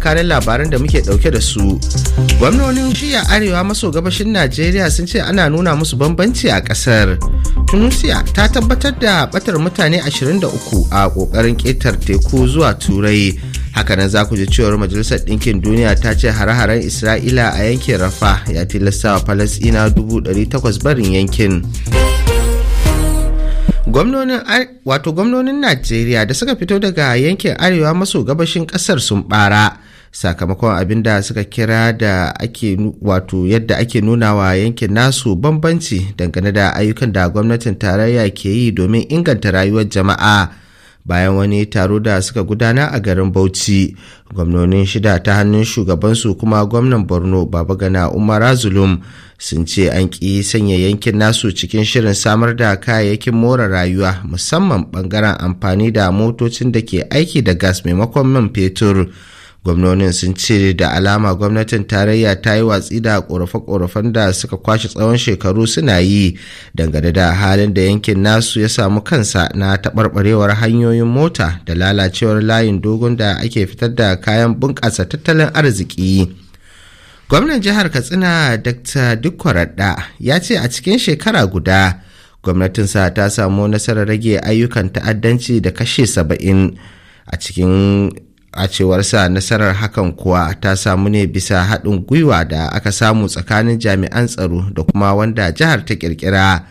kanin labaran da muke dauke da su gwamnonin a arewa maso gabashin najeriya sun ce ana nuna musu bambanci a kasar tunisia ta tabbatar da batar mutane 23 a kokarin ketar teku zuwa turai hakanan za ku ji cewar majalisar ɗinkin duniya ta ce hare-haren isra'ila a yankin rafa ya tilasta falasina 800 barin yankin wato gwamnonin najeriya da suka fito daga yankin arewa maso gabashin ƙasar sun ɓara. sakamakon abin da suka kira da ake wato yadda ake nuna wa yankin nasu bambanci dangane da ayyukan da gwamnatin tarayya ke yi domin inganta rayuwar jama'a bayan wani taro da suka gudana a garin bauchi gwamnonin shida ta hannun shugabansu kuma gwamnan borno Baba Gana umar zulum sun ce an ƙi sanya yankin nasu cikin shirin samar da kayayyakin more rayuwa musamman bangaren amfani da motocin da ke aiki da gas maimakon man fetur. gwamnonin sun ce da alama gwamnatin tarayya ta yi watsi da ƙorafe-ƙorafen da suka kwashe tsawon shekaru suna yi dangane da halin da yankin nasu ya samu kansa na taɓarɓarewar hanyoyin mota da lalacewar layin dogon da ake fitar da kayan bunƙasa tattalin arziki gwamnan jihar katsina dr dukkwaradda ya ce a cikin shekara guda gwamnatinsa ta samu nasarar rage ayyukan ta'addanci da kashe saba'in a cikin a cewar sa nasarar hakan kuwa ta samu ne bisa haɗin gwiwa da aka samu tsakanin jami'an tsaro da kuma wanda jihar ta kirkira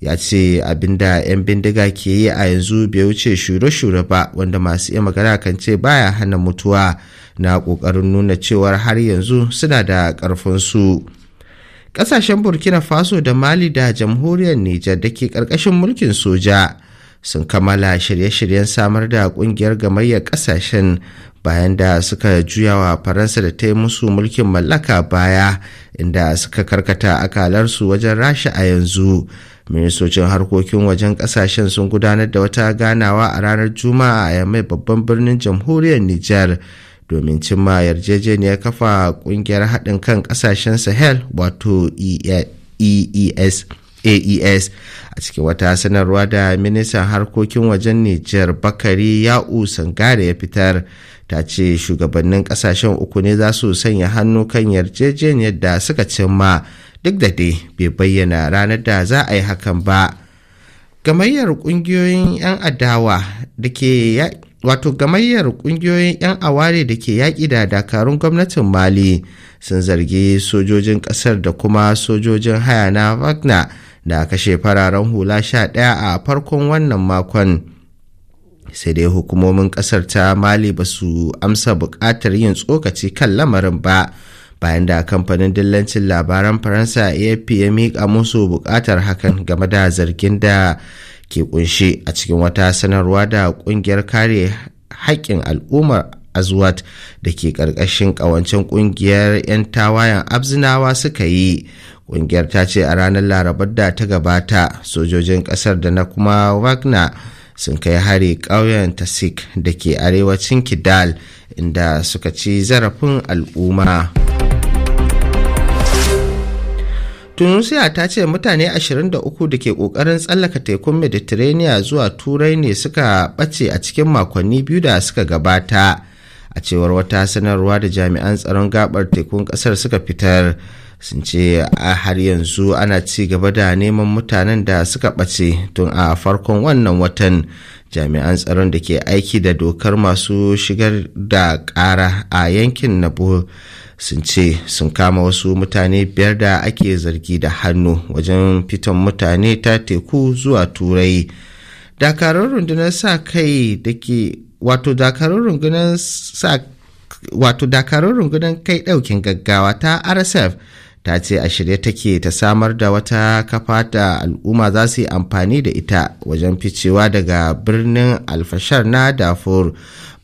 ya ce abinda 'yan bindiga ke yi a yanzu bai wuce shure-shure ba wanda masu iya magana kan ce baya hana mutuwa na ƙoƙarin nuna cewar har yanzu suna da ƙarfinsu ƙasashen burkina faso da mali da jamhuriyar nijar da ke ƙarƙashin mulkin soja sun kammala shirye-shiryen samar da kungiyar gamayyar kasashen bayan da suka juyawa faransa da ta yi musu mulkin mallaka baya inda suka karkata akalarsu wajen rasha a yanzu ministocin harkokin wajen kasashen sun gudanar da wata ganawa a ranar juma'a a yammai babban birnin jamhuriyar nijar domin cimma yarjejeniyar kafa kungiyar haɗin kan ƙasashen sahel wato ees aes a cikin wata sanarwa da ministan harkokin wajen nijar bakari ya'u sangare ya fitar ta ce shugabannin kasashen uku ne za su sanya hannu kan yarjejeniyar da suka cimma duk da dai bai bayyana ranar da za a yi hakan ba gamayyar kungiyoyin 'yan adawa da ke wato gamayyar kungiyoyin 'yan aware da ke yaƙi da dakarun gwamnatin mali sun zargi sojojin ƙasar da kuma sojojin haya na wagner da kashe fararen hula sha ɗaya a farkon wannan makon sai dai hukumomin ƙasar ta mali ba su amsa buƙatar yin tsokaci kan lamarin ba bayan da kamfanin dillancin labaran faransa afp ya miƙa musu buƙatar hakan game da zargin da ke kunshi a cikin wata sanarwa da ƙungiyar kare haƙƙin al'ummar azwat da ke karkashin ƙawancen kungiyar 'yan tawayen abzinawa suka yi kungiyar ta ce a ranar larabar da ta gabata sojojin kasar da na kuma wagner sun kai hari ƙauyen tasik da ke arewacin kidal inda suka ci zarafin al'umma tunisia ta ce mutane 23 da ke kokarin tsallaka tekun mediterranean zuwa turai ne suka ɓace a cikin makonni biyu da suka gabata a cewar wata sanarwa da jami'an tsaron gabar tekun kasar suka fitar sun ce a har yanzu ana ci gaba da neman mutanen da suka ɓace tun a farkon wannan watan jami'an tsaron da ke aiki da dokar masu shigar da ƙara a yankin nabo sun ce sun kama wasu mutane biyar da ake zargi da hannu wajen fitan mutane ta teku zuwa turai dakarun rundunar sa kai da ke wato dakarun rungunan kai daukin gaggawa ta rsf ta ce a shirye take ta samar da wata kafa da al'umma za su yi amfani da ita wajen ficewa daga birnin alfashar na dafur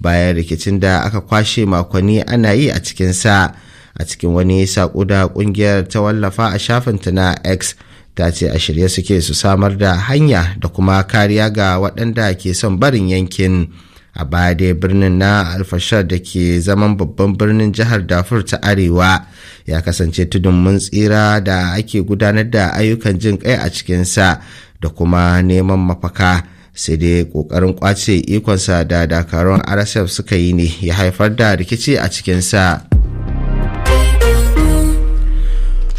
bayan rikicin da aka kwashe makonni ana yi a cikinsa a cikin wani saƙo da ƙungiyar ta wallafa a shafinta na x ta ce a shirye suke su samar da hanya da kuma kariya ga waɗanda ke son barin yankin. a baya dai birnin na alfashar da ke zaman babban birnin jihar dafur ta arewa ya kasance tudun mun tsira da ake gudanar da ayyukan jin kai a cikinsa da kuma neman mafaka sai dai kokarin kwace ikonsa da dakarun rsf suka yi ne ya haifar da rikici a cikinsa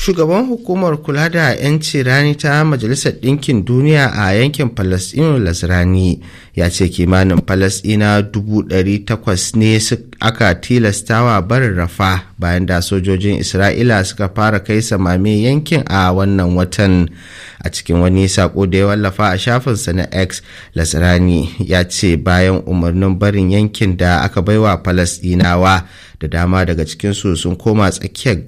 shugaban hukumar kula da 'yanci rani ta majalisar ɗinkin duniya a yankin falasɗinu lasrani ya ce kimanin falasɗina takwas ne aka tilastawa barin rafa bayan da sojojin isra'ila suka fara kai samame yankin a wannan watan a cikin wani sako da ya wallafa a shafinsa na x lasrani ya ce bayan umarnin barin yankin da aka baiwa falasɗinawa da dama daga cikinsu sun koma tsakiyar